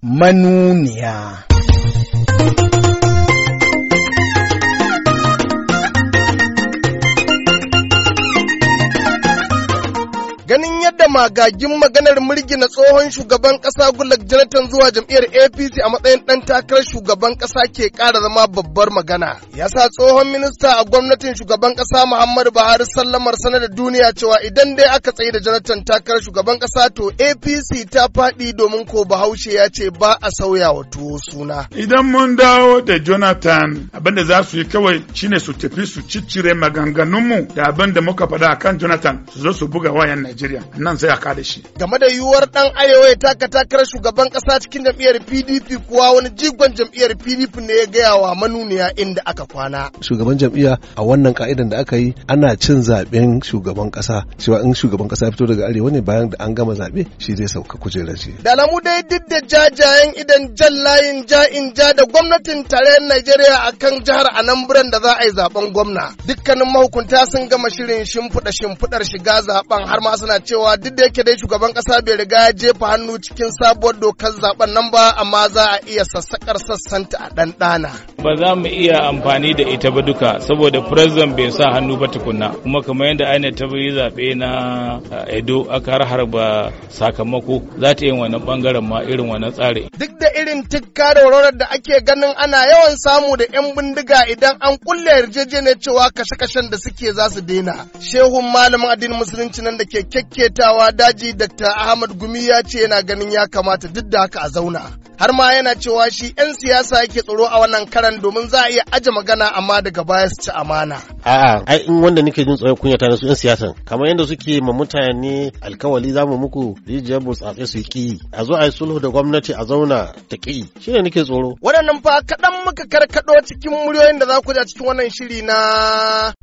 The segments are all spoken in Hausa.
manuniya. Ganin yadda magagin maganar murgina tsohon shugaban kasa Goodluck Jonathan zuwa jam'iyyar APC a matsayin dan takarar shugaban kasa ke kara zama babbar magana. Ya sa tsohon minista a gwamnatin shugaban kasa Muhammadu Buhari sallamar sanar da duniya cewa idan dai aka tsaye da Jonathan takarar shugaban kasa to APC ta faɗi domin ko Bahaushe ya ce ba a sauya wa tuwo suna. Idan mun dawo da Jonathan abinda za su yi kawai shine su tafi su ciccire maganganunmu da abin da muka faɗa kan Jonathan su zo su buga wayan Najeriya. nan zai a da shi. Game da yiwuwar dan Arewa ya taka takarar shugaban kasa cikin jam'iyyar PDP kuwa wani jigon jam'iyyar PDP ne ya gaya wa manuniya inda aka kwana. Shugaban jam'iyya a wannan ka'idan da aka yi ana cin zaɓen shugaban kasa cewa in shugaban kasa ya fito daga Arewa ne bayan da an gama zaɓe shi zai sauka kujerar shi. Da alamu dai duk da jajayen idan jan layin ja in ja da gwamnatin tarayyar Najeriya a kan jihar Anambra da za a yi zaben gwamna. Dukkanin mahukunta sun gama shirin shimfiɗa shimfiɗar shiga zaɓen har ma suna cewa cewa duk da yake dai shugaban kasa bai riga ya jefa hannu cikin sabuwar dokar zaben nan ba amma za a iya sassakar sassanta a ɗanɗana. Ba za mu iya amfani da ita ba duka saboda president bai sa hannu ba tukunna kuma kamar yadda aina ta yi zaɓe na eh, Edo aka har harba sakamako za ta yi wannan bangaren ma irin wannan tsari. Duk da irin tikka da wararar da ake ganin ana yawan samu da 'yan bindiga idan an kulle yarjejeniyar cewa kashe-kashen da suke za su daina. Shehun malamin addinin musulunci nan da ke kekke maimaitawa daji Dr. Ahmad Gumi ya ce yana ganin ya kamata duk da haka a zauna. Har ma yana cewa shi 'yan siyasa yake tsoro a wannan karan domin za a iya aje magana amma daga baya su ci amana. A'a, ai in wanda nake jin tsoron kunya na su 'yan siyasan, kamar yadda suke ma mutane alkawali za mu muku rijiyar burtsatse su ki a zo a yi sulhu da gwamnati a zauna ta ki shi ne nake tsoro. Waɗannan fa kaɗan muka karkaɗo cikin muryoyin da za ku ja cikin wannan shiri na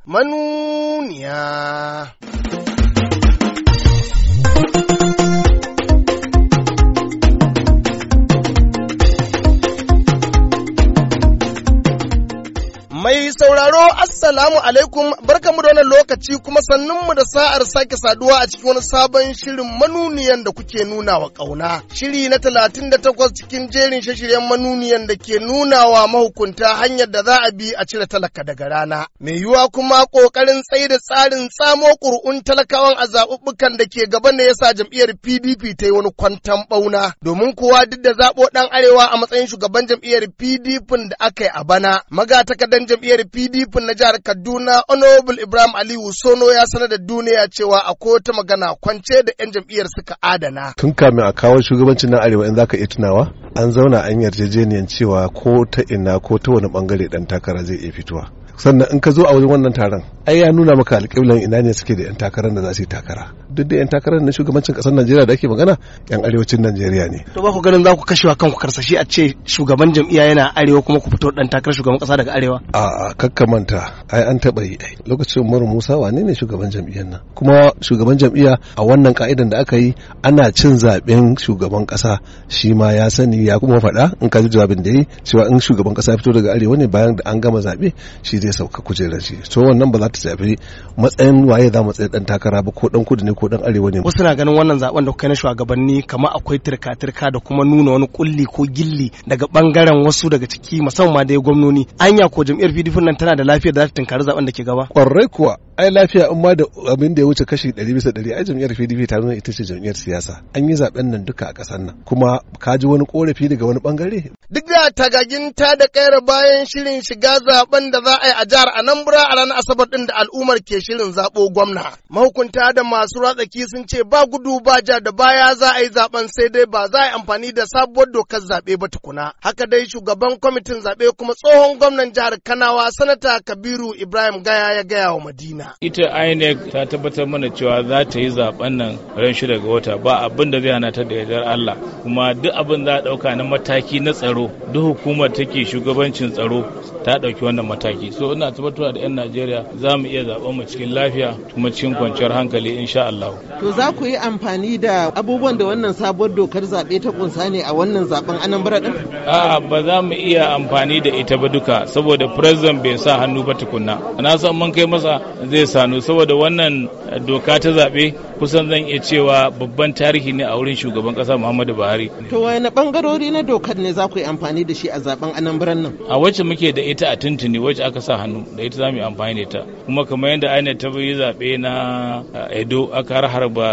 manuniya. sauraro Salamu alaikum barkamu da wannan lokaci kuma sannunmu da sa'ar sake saduwa a cikin wani sabon shirin manuniyan da kuke nuna wa ƙauna. Shiri na talatin da takwas cikin jerin shashiryen manuniyan da ke nuna wa mahukunta hanyar da za a bi a cire talaka daga rana. Mai yiwuwa kuma ƙoƙarin tsaye da tsarin tsamo ƙuri'un talakawan a zaɓuɓɓukan da ke gaba ne yasa jam'iyyar PDP ta yi wani kwantan ɓauna. Domin kuwa duk da zaɓo ɗan arewa a matsayin shugaban jam'iyyar PDP da aka yi a bana, magatakardan jam'iyyar PDP na ja. jihar Kaduna Honorable Ibrahim Aliyu Sono ya sanar da duniya cewa akwai wata magana kwance da 'yan jam'iyyar suka adana. Tun kamin a kawo shugabancin na Arewa in zaka iya tunawa an zauna an yarjejeniyar cewa ko ta ina ko ta wani bangare dan takara zai iya fitowa. Sannan in ka zo a wajen wannan taron ai ya nuna maka alƙiblan ina ne suke da 'yan takarar da za su yi takara duk da 'yan takarar na shugabancin ƙasar najeriya da ake magana 'yan arewacin najeriya ne to ba ku ganin za ku kashewa kanku karsashi a ce shugaban jam'iyya yana arewa kuma ku fito dan takarar shugaban ƙasa daga arewa a kakkamanta ai an taɓa yi lokacin umaru musa wane ne shugaban jam'iyyar nan kuma shugaban jam'iyya a wannan ka'idan da aka yi ana cin zaɓen shugaban ƙasa shi ma ya sani ya kuma faɗa in ka ji jawabin da yi cewa in shugaban ƙasa fito daga arewa ne bayan da an gama zaɓe shi zai sauka kujerar shi to wannan ba za shafi matsayin waye za mu tsaye dan takara ba ko dan kudu ne ko dan arewa ne wasu na ganin wannan zaben da kai na shugabanni kamar akwai tirka-tirka da kuma nuna wani kulli ko gilli daga bangaren wasu daga ciki musamman ma dai gwamnoni anya ko jam'iyyar PDP nan tana da lafiya da za ta tunkari zaben da ke gaba kwarai kuwa ai lafiya in ma da abin da ya wuce kashi 100 bisa 100 ai jam'iyyar PDP ta nuna ita ce jam'iyyar siyasa an yi zaben nan duka a ƙasar nan kuma ka ji wani korafi daga wani bangare duk da tagagin ta da kaira bayan shirin shiga zaben da za a yi a jihar Anambra a ranar Asabar din da al'ummar ke shirin zabo gwamna mahukunta da masu ratsaki sun ce ba gudu ba ja da baya za a yi zaben sai dai ba za a yi amfani da sabuwar dokar zabe ba tukuna haka dai shugaban kwamitin zabe kuma tsohon gwamnan jihar Kanawa sanata Kabiru Ibrahim Gaya ya gaya wa Madina Ita INEC ta tabbatar mana cewa za ta yi zaben nan ran shida ga wata ba abin da zai hana ta da yardar Allah kuma duk abin za a dauka na mataki na tsaro duk hukumar take shugabancin tsaro ta ɗauki wannan mataki so ina tabbatarwa da 'yan Najeriya za mu iya zaben mu cikin lafiya kuma cikin kwanciyar hankali insha Allah. To za ku yi amfani da abubuwan da wannan sabuwar dokar zabe ta kunsa ne a wannan zaben Anambra din? A'a ba za mu iya amfani da ita ba duka saboda president bai sa hannu ba tukunna. Na san mun kai masa zai zai sanu saboda wannan doka ta zaɓe kusan zan iya cewa babban tarihi ne a wurin shugaban kasa muhammadu buhari to wani bangarori na dokar ne za ku yi amfani da shi a zaben biran nan a wacce muke da ita a tuntuni wacce aka sa hannu da ita za mu yi amfani da ita kuma kamar yadda aina ta yi zaɓe na eh, edo aka harba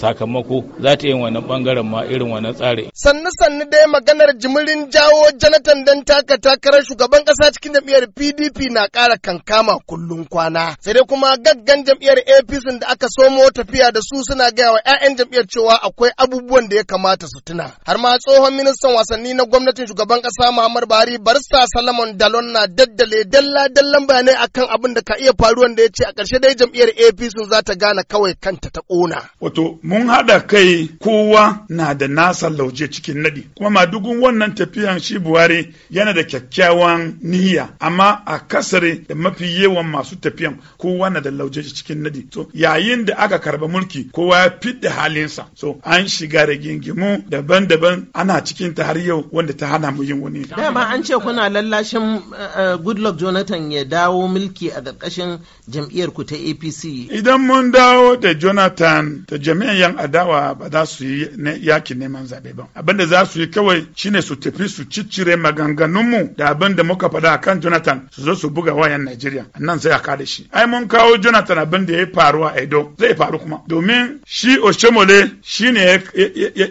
sakamako za ta yi wannan bangaren ma irin wannan tsari sannu sannu dai maganar jimirin jawo janatan dan taka takarar shugaban kasa cikin jam'iyyar pdp na ƙara kankama kullum kwana sai dai kuma gaggan jam'iyyar apc da aka somo tafiya da su suna gaya wa 'ya'yan jam'iyyar cewa akwai abubuwan da ya kamata su tuna. Har ma tsohon ministan wasanni na gwamnatin shugaban ƙasa Muhammad Buhari barista Salomon Dalon na daddale dalla-dallan bayanai akan abin da ka iya faruwan da ya ce a ƙarshe dai jam'iyyar APC za ta gane kawai kanta ta ƙona. Wato mun haɗa kai kowa na da nasa lauje cikin naɗi kuma madugun wannan tafiyan shi Buhari yana da kyakkyawan niyya amma a kasare da mafi yawan masu tafiyan kowa na da lauje cikin naɗi. To yayin da aka karba mulki ciki kowa ya fidda halinsa so an shiga rigingimu daban-daban ana cikin ta har yau wanda ta hana mu yin wani dama an ce kuna lallashin eh, eh, goodluck jonathan ya dawo mulki a ƙarƙashin jam'iyyar ku ta apc idan mun dawo da jonathan da jami'an yan adawa ba za su yi yakin neman zaɓe ba abinda za su yi kawai shine su tafi su ciccire maganganunmu da abin da muka faɗa kan jonathan su zo su buga wayan najeriya nan sai a kada shi ai mun kawo jonathan abin da ya faru a edo zai faru kuma domin domin shi Oshomole shi ne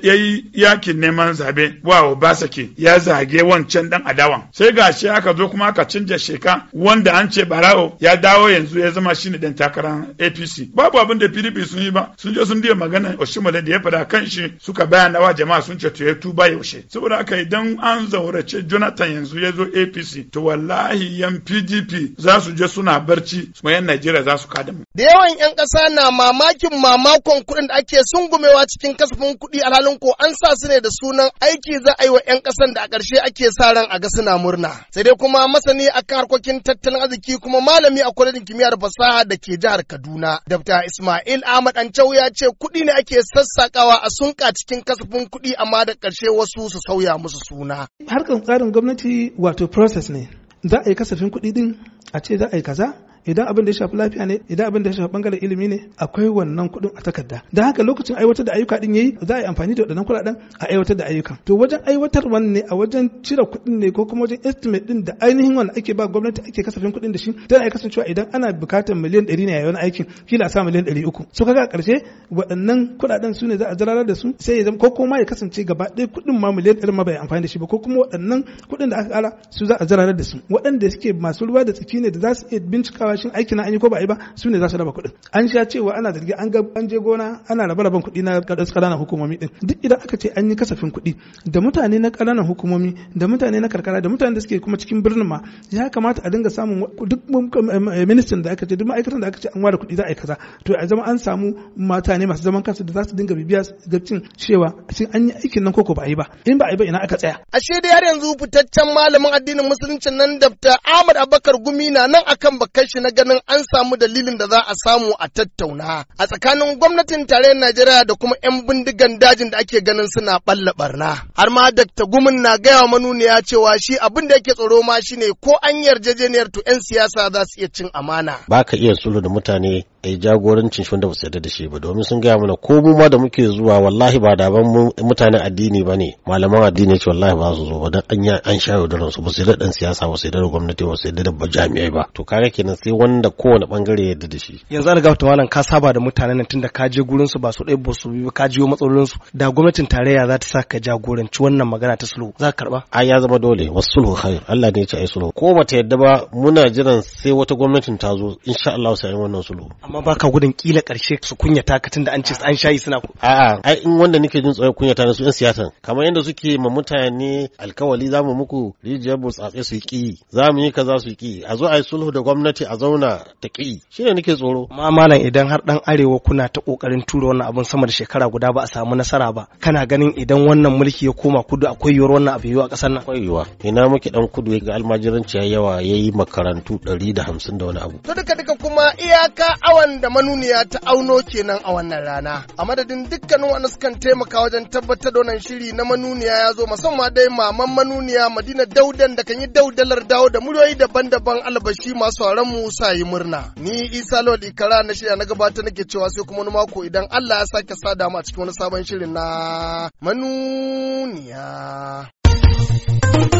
ya yi yakin neman zabe wa Obasaki ya zage wancan dan adawan. Sai ga shi aka zo kuma aka canja sheka wanda an ce Barao ya dawo yanzu ya zama shi ne dan takarar APC. Babu abin da PDP sun yi ba sun je sun diya magana Oshomole da ya fada kan shi suka bayana wa jama'a sun ce to ya tuba yaushe. Saboda haka idan an zaurace Jonathan yanzu ya zo APC to wallahi yan PDP za su je suna barci kuma yan Najeriya za su kada mu. Da yawan 'yan ƙasa na mamakin mama makon kuɗin da ake sungumewa cikin kasafin kuɗi alhalin ko an sa su ne da sunan aiki za a yi wa 'yan ƙasan da a ƙarshe ake sa ran a ga suna murna. Sai dai kuma masani akan harkokin tattalin arziki kuma malami a kwalejin kimiyyar fasaha da ke jihar Kaduna. Dabta Ismail Ahmad Ancau ya ce kuɗi ne ake sassaƙawa a sunka cikin kasafin kuɗi amma da ƙarshe wasu su sauya musu suna. Harkar tsarin gwamnati wato process ne. Za a yi kasafin kuɗi din a ce za a yi kaza idan abin da ya shafi lafiya ne idan abin da ya shafi bangaren ilimi ne akwai wannan kuɗin a takarda da haka lokacin aiwatar da ayyuka din yayi za a yi amfani da waɗannan kuɗaɗen a aiwatar da ayyukan to wajen wannan ne a wajen cire kuɗin ne ko kuma wajen estimate din da ainihin wannan ake ba gwamnati ake kasafin kuɗin da shi tana iya kasancewa idan ana bukatar miliyan ɗari ne a yawan aikin kila a sa miliyan ɗari uku so kaga a ƙarshe waɗannan kuɗaɗen su ne za a zararar da su sai ya zama ko kuma ya kasance gaba ɗaya kuɗin ma miliyan ɗari ma bai amfani da shi ba ko kuma waɗannan kuɗin da aka ƙara su za a zararar da su waɗanda suke masu ruwa da tsaki ne da za su iya bincikawa albashin shin an yi ko ba yi ba su ne za su raba kuɗin an sha cewa ana zargi an ga an je gona ana raba raban kuɗi na ƙananan hukumomi din duk idan aka ce an yi kasafin kuɗi da mutane na ƙananan hukumomi da mutane na karkara da mutane da suke kuma cikin birnin ma ya kamata a dinga samun duk eh, ministan da aka ce duk ma'aikatan da aka ce an ware kuɗi za a yi kaza to a zama an samu mata ne masu zaman kansu da za su dinga bibiya ga cin cewa shin an yi aikin nan koko ba a yi ba in ba a yi ba ina aka tsaya ashe da har yanzu fitaccen malamin addinin musulunci nan dabta Ahmad Abubakar Gumi na nan akan bakkan shi na ganin an samu dalilin da za a samu a tattauna a tsakanin gwamnatin tarayyar Najeriya da kuma 'yan bindigan dajin da ake ganin suna balla barna. Har ma Dr. Gumin na gaya wa manuniya cewa shi abin da yake tsoro ma shine ko an yarjejeniyar to 'yan siyasa za su iya cin amana. Ba ka iya sulhu da mutane a jagorancin shi wanda ba su yarda da shi ba domin sun gaya mana ko mu ma da muke zuwa wallahi ba da ban mutanen addini ba ne malaman addini ce wallahi ba su zo ba dan an an sha da su ba su yarda dan siyasa ba su yarda da gwamnati ba su yarda da jami'ai ba to kare kenan sai wanda kowane bangare ya yarda da shi yanzu an gafta malam ka saba da mutanen nan tunda ka je gurin su ba su ɗaya ba su bi ka jiyo matsalolin su da gwamnatin tarayya za ta sa ka jagoranci wannan magana ta sulhu za ka karba a ya zama dole wasulhu khair Allah ne ya ce ai sulhu ko ba ta yarda ba muna jiran sai wata gwamnatin ta zo insha Allah sai wannan sulhu amma ka gudun kila karshe su kunyata ka tunda an ce an shayi suna ku a'a in wanda nake jin tsoron kunyata na su yan siyasa kamar yadda suke ma mutane alkawali zamu muku rijiyar burtsatse su ki zamu yi kaza su ki a zo yi sulhu da gwamnati a zauna ta ki shine nake tsoro amma malam idan har dan arewa kuna ta kokarin tura wannan abun sama da shekara guda ba a samu nasara ba kana ganin idan wannan mulki ya koma kudu akwai yiwuwar wannan abu yiwu a kasar nan akwai yiwuwa ina muke dan kudu ga almajiranci yawa yayi makarantu 150 da wani abu to duka duka kuma iyaka awa abubuwan da manuniya ta auno kenan a wannan rana. A madadin dukkanin wanda sukan taimaka wajen tabbatar da wannan shiri na manuniya ya zo musamman dai maman manuniya Madina Daudan da kan yi daudalar dawo da muryoyi daban-daban albashi masu mu sa yi murna. Ni Isa Lord kara na shirya na gabata nake cewa sai kuma wani mako idan Allah ya sake sada mu a cikin wani sabon shirin na manuniya.